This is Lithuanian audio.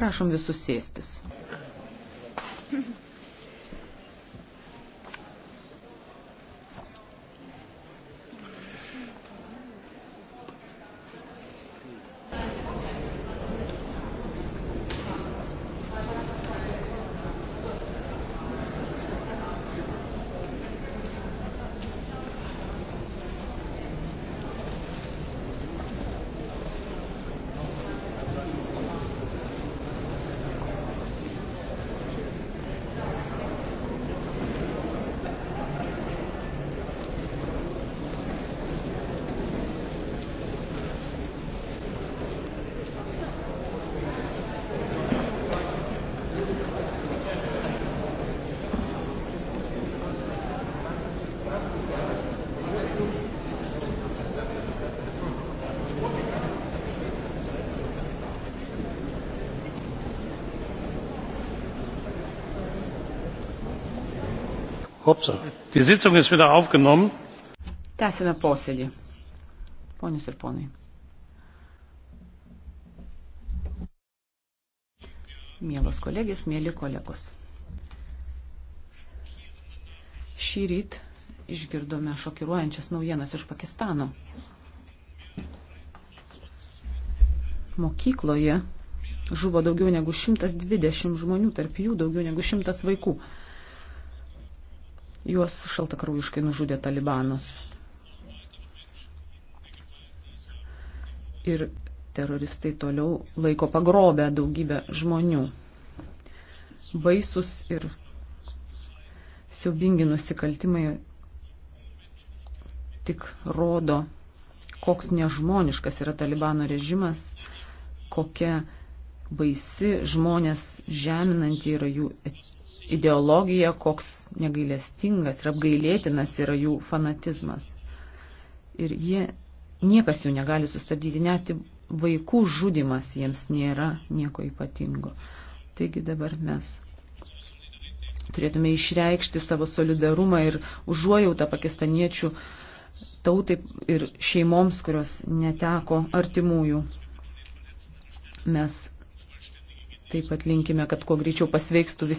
Prašom visus sėstis. Tęsime posėdį. Ponius ir ponai. Mielos kolegės, mėly kolegos. Šį ryt išgirdome šokiruojančias naujienas iš Pakistano. Mokykloje žuvo daugiau negu 120 žmonių, tarp jų daugiau negu 100 vaikų. Juos šaltakraujiškai nužudė talibanas. Ir teroristai toliau laiko pagrobę daugybę žmonių. Baisus ir siaubingi nusikaltimai tik rodo, koks nežmoniškas yra talibano režimas, kokia baisi, žmonės žeminanti yra jų ideologija, koks negailestingas ir apgailėtinas yra jų fanatizmas. Ir jie, niekas jų negali sustabdyti, net vaikų žudimas jiems nėra nieko ypatingo. Taigi dabar mes turėtume išreikšti savo solidarumą ir užuojautą pakistaniečių tautai ir šeimoms, kurios neteko artimųjų. Mes Taip pat linkime, kad kuo greičiau pasveikstų visi.